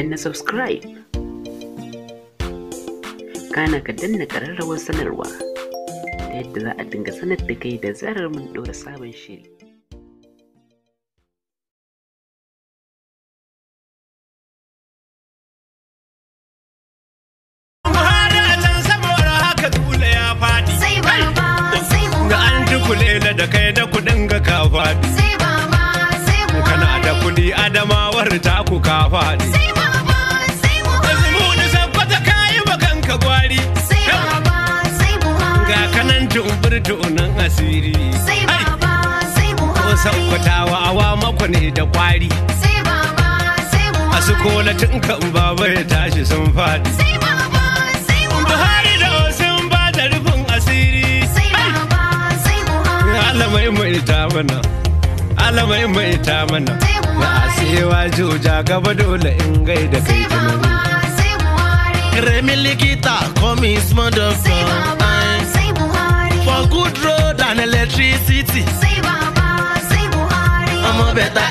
danna subscribe kana ka danna ƙararrawar sanarwa ta yadda za a dinga sanar da kai da zarar mun ɗora sabon shiri ka Kana da kuɗi adamawar taku ku ka faɗi. tonan asiri sai baba sai buhari kusan kwatawa awa mako ne da kwari sai baba sai buhari a su kola tun kan baba ya tashi sun faɗi. sai baba sai buhari buhari da sun ba da rufin asiri sai baba sai buhari alamai mai ta mana alamai mai ta mana na asewa joja gaba dole in gaida kai sai sai baba tunani Remi likita, komi is motherfucker. beta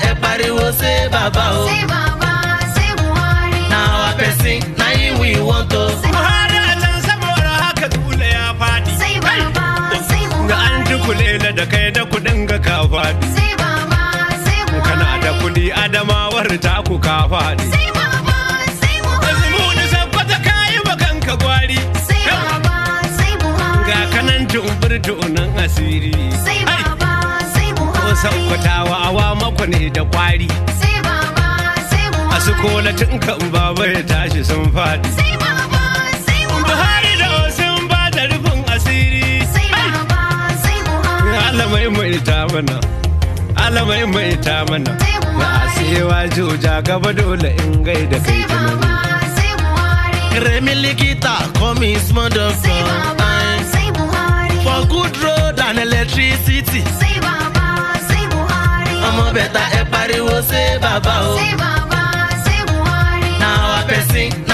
ẹ wo say baba o. say baba se buhari. na our person na him we want o. buhari a can saboda haka dole ya fadi. say baba say buhari. ga an dukulela da kai da kudin ga ka fadi. say baba say buhari. kana da kudi adamawar ta ku ka fadi. say baba say buhari. azumuni sabbata kayi ka gwari. say baba say buhari. ga kanan tumbur tunan asiri. say baba. sakkwatawa awa mako ne da kwari sai baba sai mama. a su kola tun kan baba ya tashi sun fadi sai baba sai baba buhari da sun ba da rufin asiri sai baba sai mama. alamai mai ta mana alamai mai ta mana na asewa juja gaba dole in da kai tunani Remi likita Sai baba, sai smodoko for good road and electricity pariwo say baba say baba say buhari na our sing.